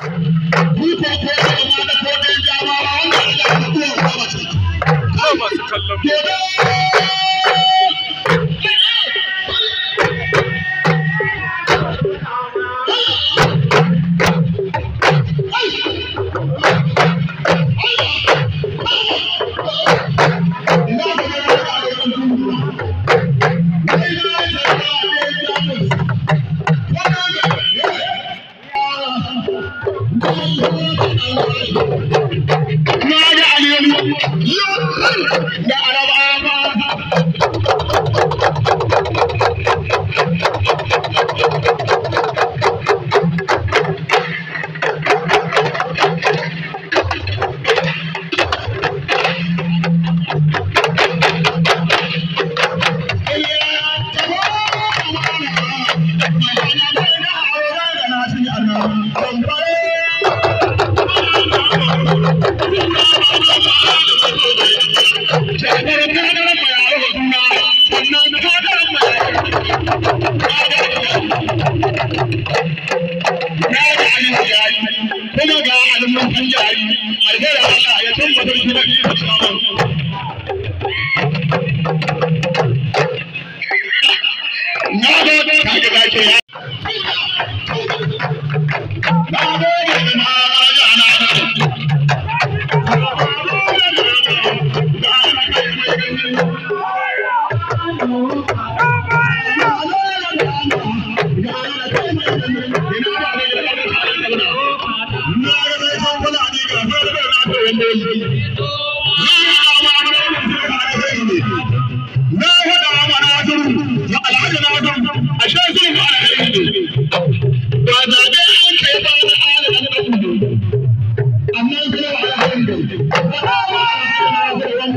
Kuka ko ma da ko da jawa wanda ila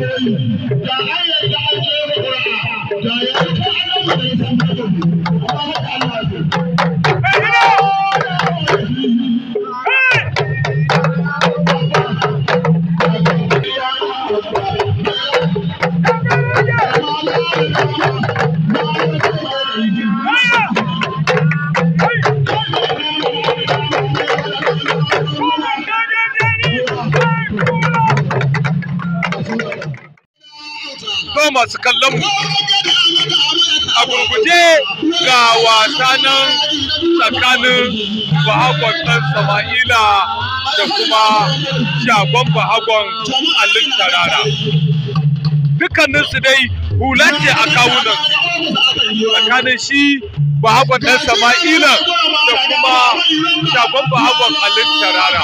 Thank you. a gurguje ga wasa nan tsakanin bahagon ɗan sama'ila da kuma shagon bahagon allin tarara dukkaninsu dai hula a kawunan tsakanin shi bahagon ɗan sama'ila da kuma shagon bahagon allin tarara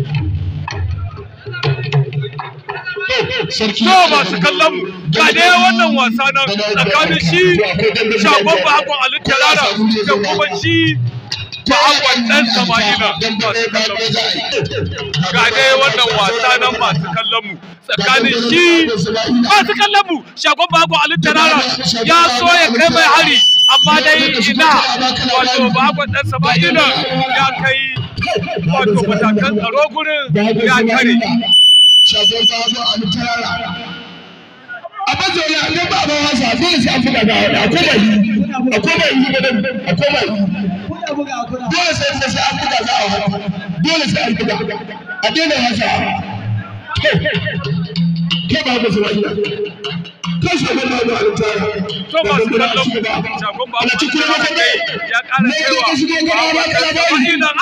to masu kallon mu ga dai wannan wasa nan tsakanin shi shagon bahakon alittarara da kuma shi bahakon dan sama'ila masu kallon mu ga dai wannan wasa nan masu kallon mu tsakanin shi masu kallon mu shagon bahakon alittarara ya so ya kai mai hari amma dai ina wato bakon dan sama'ina ya kai wato matakan tsaro gurin ya kare zo fáwọn a abájọyà ní bàbá wa ṣàfihàn ṣàfihàn àkóbà yìí àkóbà yìí gbẹdẹ àkóbà yìí dole sai sai sai afirka za a hau dole sai an buga a daina wasa ke ba ku zuwa ina kan shugaban na wani alutara da zambura a shugaba a na cikin wata ne ne ka shigo gara ba ka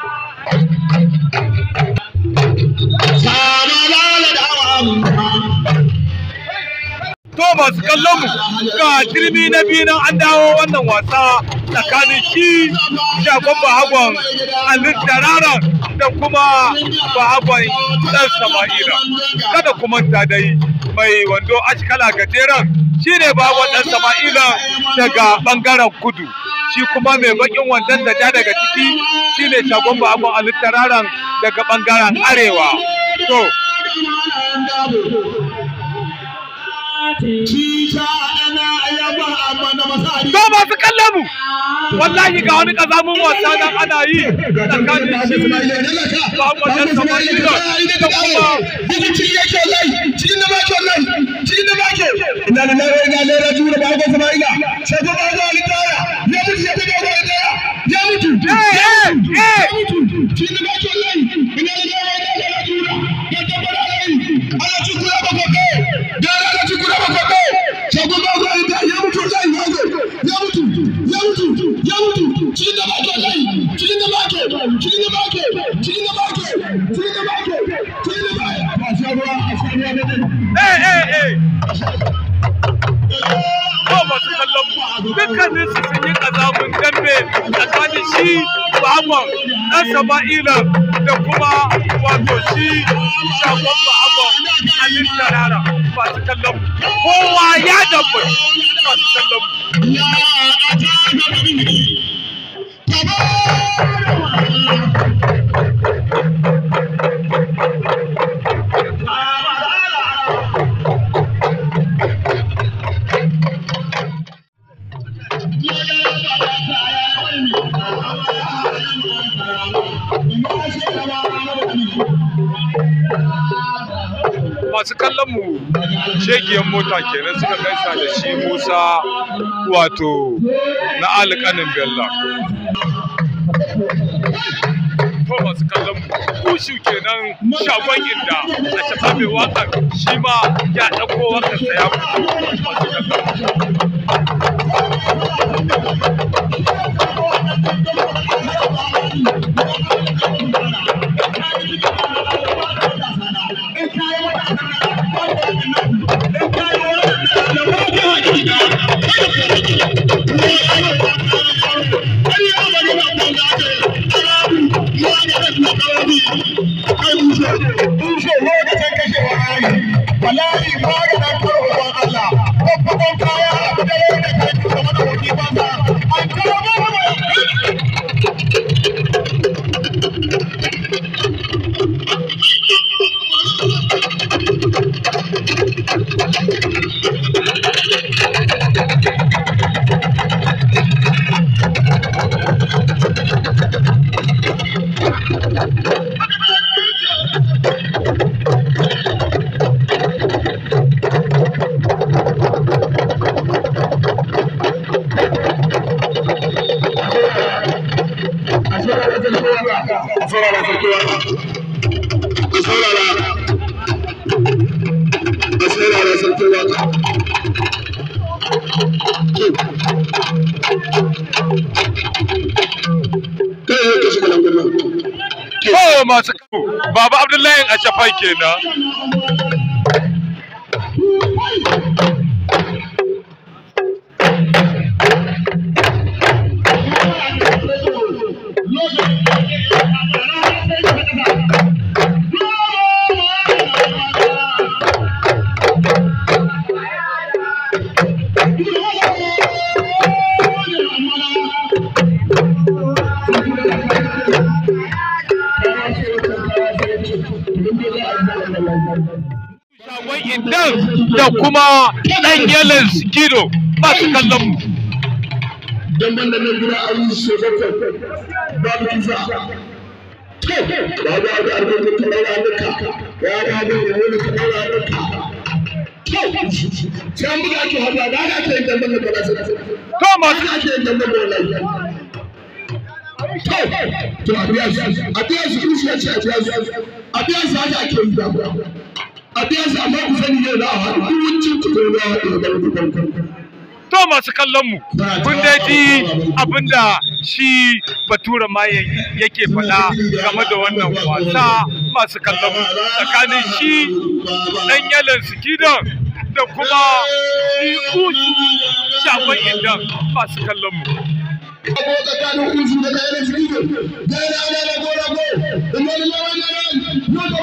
to masu kallon mu ga turmi na biyu na an dawo wannan wasa tsakanin shi shagon bahagwan alin tarara da kuma bahagwan dan sama'ira kada kuma ta dai mai wando ashkala gajeren ne bahagwan dan sama'ira daga bangaren kudu shi kuma mai bakin wandon da ja daga ciki shi ne shagon bahagwan alin tararan daga bangaren arewa to To masu kallon mu wallahi ga wani mun wasa nan ana yi tsakanin shi Muhammad Dan Samari da kuma Bukiti yake lai da make lai cikin da ba ina da ina da lai jura ba ga Samari ga sai ko ba ga Ali ya mutu ya ga Ali ya mutu ya mutu cikin da make lai ina da lai ina da mamman ɗan sama'ila da kuma wato shi shagon ba'abon alin tarara masu kallon kowa ya dabbai masu kallon jirgin mota kenan suka gaisa da shi musa wato na alƙanin bella Ko masu kallon kushu kenan shagon inda a shafa mai shi ma ya ɗauko wakan sa ya fito masu kallon baba abdullahi a shafai kenan kuma ɗan yalan sikiro ba ne kallon mu. Don ban da mai gura an yi shekara babu kisa. Ba ga da abin da kamar ranuka, ya ga da wani kamar ranuka. Can buga ake haɗuwa, ba ga ake yin damban da kamar ranuka. Thomas. Ba ga ake yin damban da ranuka. To, to a biya su, a biya su, a biya su, a biya su, a biya su, a biya su, a biya su, a biya su, a biya su, a biya su, a biya su, a biya su, a biya su, a biya su, a biya su, a biya su, a To masu kallon mu kun dai ji abinda shi Bature Maye yake faɗa game da wannan wasa masu kallon mu tsakanin shi ɗan yalan sikidan da kuma shi kusu shafan indan masu kallon mu. da kayan da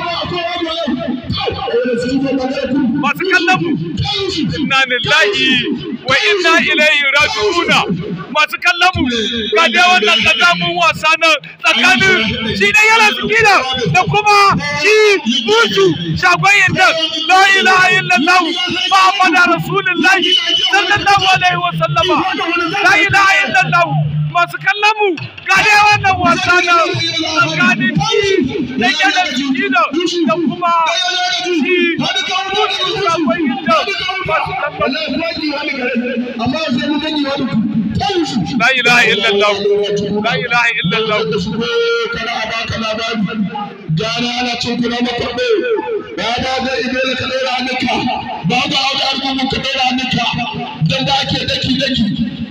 inna lillahi wa inna ilaihi raji'una masu kallon mu ga dai wannan kazamun wasa nan tsakanin shi ne yana sikila da kuma shi buju shagoyin nan la ilaha illallah muhammadu rasulullahi sallallahu alaihi wa sallama la ilaha illallah masu kallon mu ga dai wannan wasa na tsakanin shi da da kuma shi da masu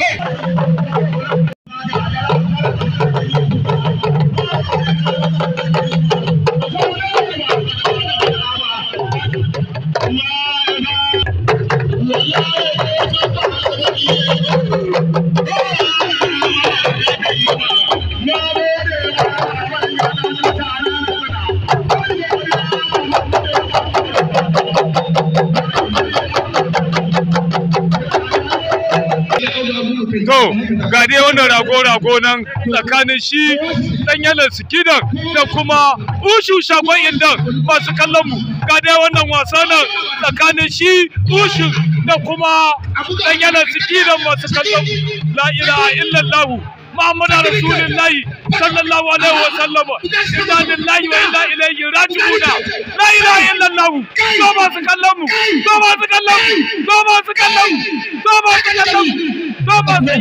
Hey! ga dai wannan rago-rago nan tsakanin shi dan yalan sikidan da kuma ushu shagon inda masu kallon mu ga dai wannan wasa nan tsakanin shi ushu da kuma dan yalan sikidan masu kallon mu la ilaha illallahu muhammadu rasulullahi sallallahu alaihi wa sallam inna lillahi wa inna ilaihi raji'un la ilaha illallah so ba kallon mu so ba kallon mu so ba kallon mu kallon mu kallon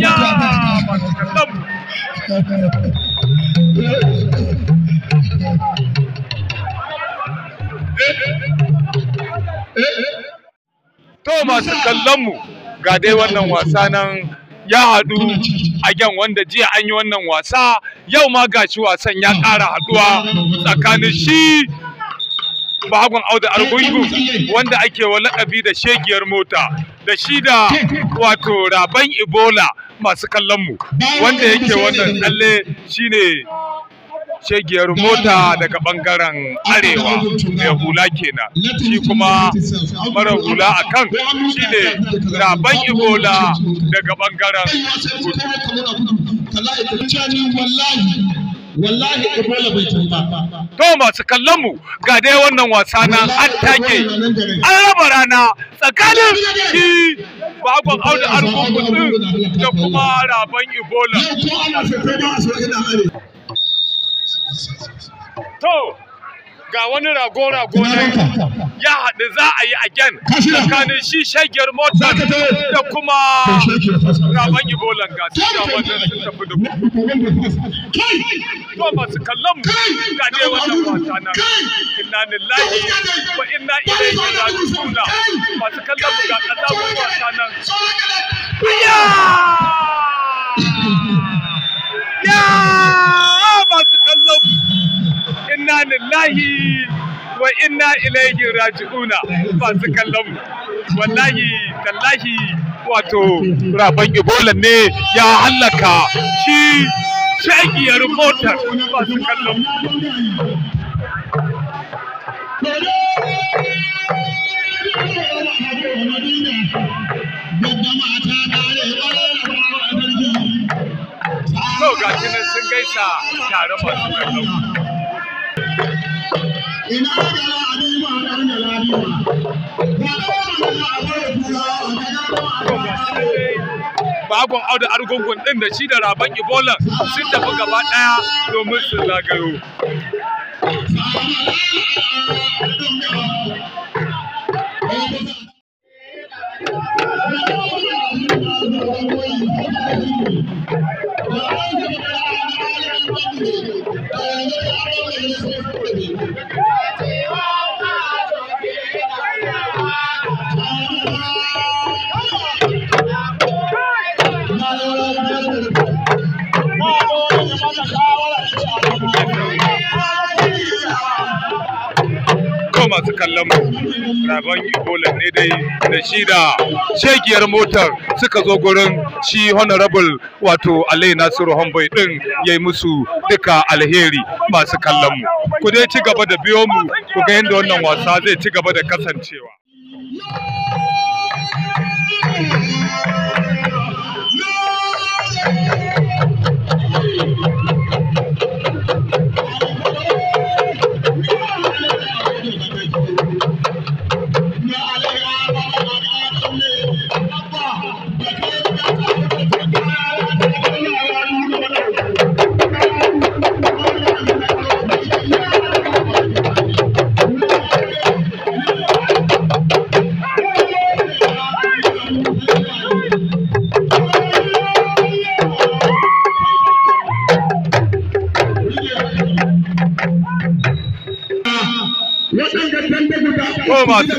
mu masu kallon mu ga dai wannan wasa nan ya haɗu a gyan wanda jiya an yi wannan wasa yau ma gashi wasan ya ƙara haɗuwa tsakanin shi bagon auda argungu wanda ake wa lakabi da shegiyar mota da shi da wato raban ebola masu kallon mu wanda yake wannan tsalle shine cegiyar mota daga bangaren arewa mai hula kenan shi kuma mara hula a kan shi ne raban ibola daga bangaren to masu kallon mu ga dai wannan wasa na an take an raba rana tsakanin shi bakon auda arko da kuma raban ibola to ga wani rago-rago ya haɗu za a yi again tsakanin shi shagiyar motar da kuma raban bolan ga su da sun tafi da to masu kallon mu ga ne wannan mata nan inna lillahi wa inna ilaihi suna masu kallon mu ga kaza mu mata nan ya ya inna lillahi wa inna ilaihi raji'una masu kallon mu. wallahi tallahi wato raban ibola ne ya hallaka shi shagiyar motar masu kallon mu. Yau ga sun gaisa tare masu kallon. ina da alima da an da ladima ga dawo da abar kula a daga Bakon Audu Argungun ɗin da shi da Raban Ibola sun tafi gaba ɗaya domin su zagayo. masu kallon mu rabon ibola ne dai da shi da shegiyar motar suka zo gurin shi honorable wato alai nasiru hombai din ya yi musu duka alheri masu kallon mu ku dai ci gaba da biyo mu ku ga yadda wannan wasa zai ci gaba da kasancewa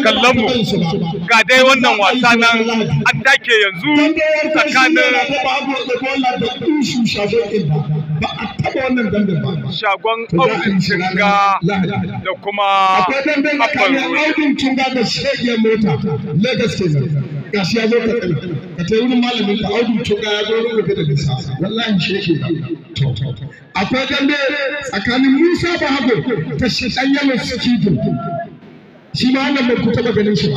kallon mu ga dai wannan wasa nan an take yanzu tsakanin ba a taba wannan dambe ba shagon audin cinga da kuma akwai dambe na kayan audin cinga da shege mota lagos kenan gashi ya zo ka tsaya ka tayi wurin malamin ka audin cinga ya zo wurin ka da nisa wallahi shege to akwai dambe tsakanin musa bahago ta shi dan yalo sikidin shi ma wannan bai kuta ba ganin shi ba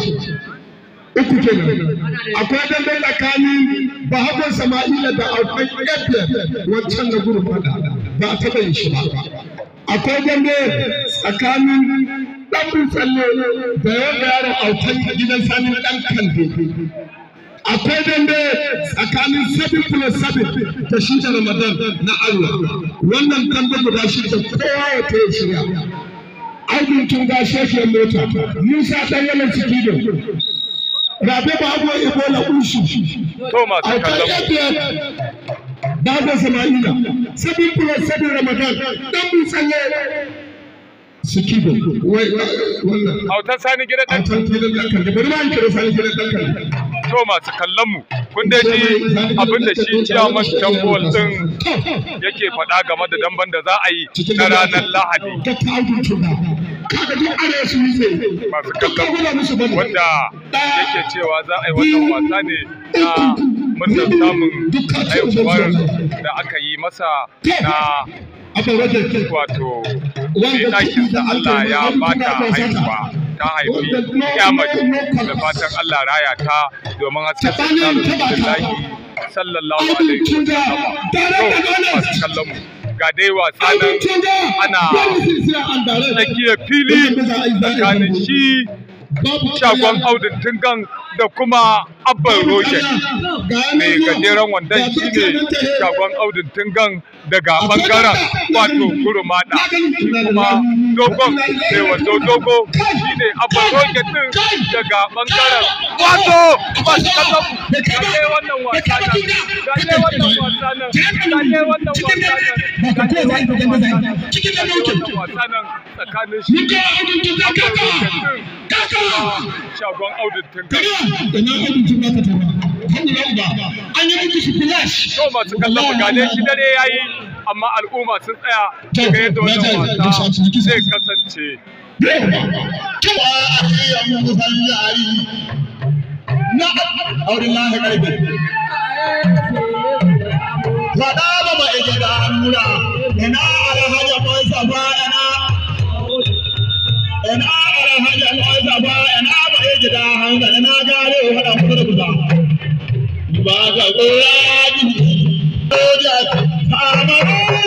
uku ke nan. akwai dambe tsakanin hakan sama'ila da akwai ƙafiyar wancan na gurin fada ba a taɓa yin shi ba akwai dambe tsakanin ɗan tsalle da yadda yaron autan gidan na ɗan kande akwai dambe tsakanin sabin kula sabin da shi da ramadan na allah wannan kan dambe guda shi da kowa ya ta shirya Abdul Tunga shafiyar mota, Musa ɗanyalan ciki da Rabe ba abuwa Ebola Ushu, Alkan Yabiyar, Dada Sama'ila, Sabin Plus Sabin Ramadan, Dan Musalle, Sikibo, wai Autan Sani Gidan Ɗan Autan Gidan Ɗan bari ma in kira Sani Gidan Ɗan Kalli. to masu kallon mu kun dai ji abin da shi chairman tambol din yake faɗa game da damban da za a yi na ranar Lahadi kaga duk su masu kallon wanda yake cewa za a yi wannan wasa ne na murnar samun haihuwar da aka yi masa na wato ɗakin da Allah ya bata haihuwa ta haifi kyamaci da fatan Allah raya ta domin hasken da ta sallallahu alaihi wa sallam. Masu kallon mu. ga dai wasa nan ana tsakiya fili tsakanin shi shagon audin da kuma abban roshen mai gajeren wandon shi ne shagon audin daga bangaren wato kurumada shi kuma dogon mai wando dogo a A roke din daga bangaren wato masu kallon gaje wannan wasa nan wannan wasa nan gaje wannan wasa nan gaje wannan wasa nan tsakanin shi A shagon audit an yi masu kallon gaje shi dare yayi amma al'umma sun tsaya daga yadda wannan wasa zai kasance cewa a siyan kusan yari na aurin lahi ƙarfi faɗa ba ba ike da hannuna ina alhaja mai safa ina ina alhaja mai safa ina ba ike da hannuna ina gare wa haɗa kusa da kusa ba ka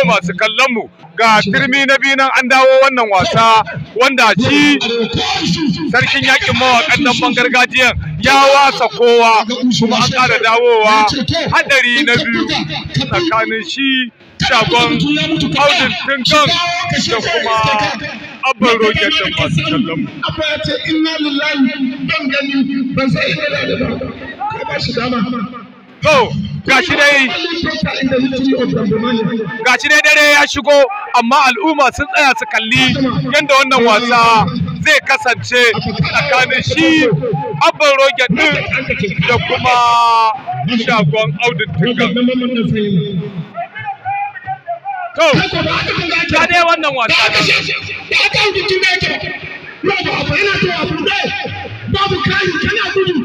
to masu kallon mu ga firmi na biyu nan an dawo wannan wasa wanda shi sarkin yakin mawakan nan ban gargajiyan ya wasa kowa kuma an ƙara dawowa haɗari na biyu tsakanin shi shagon audin tinkan da kuma abin roƙe da masu kallon mu. to gashi dai gashi dai dare ya shigo amma al'umma sun tsaya su kalli yadda wannan wasa zai kasance tsakanin shi abin roge din da kuma shagon audin tungan to ta dai wannan wasa babu kayu kana gudu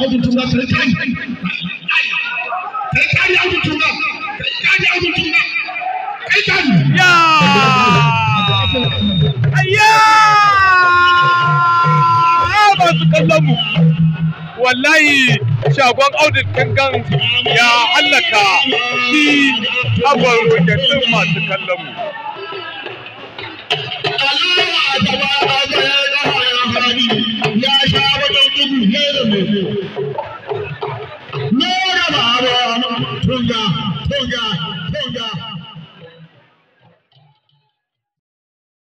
audin tungan wallahi shagon audit kankan ya hallaka shi abuwar ruketun masu kallon mu ya sha wajen gudu ne da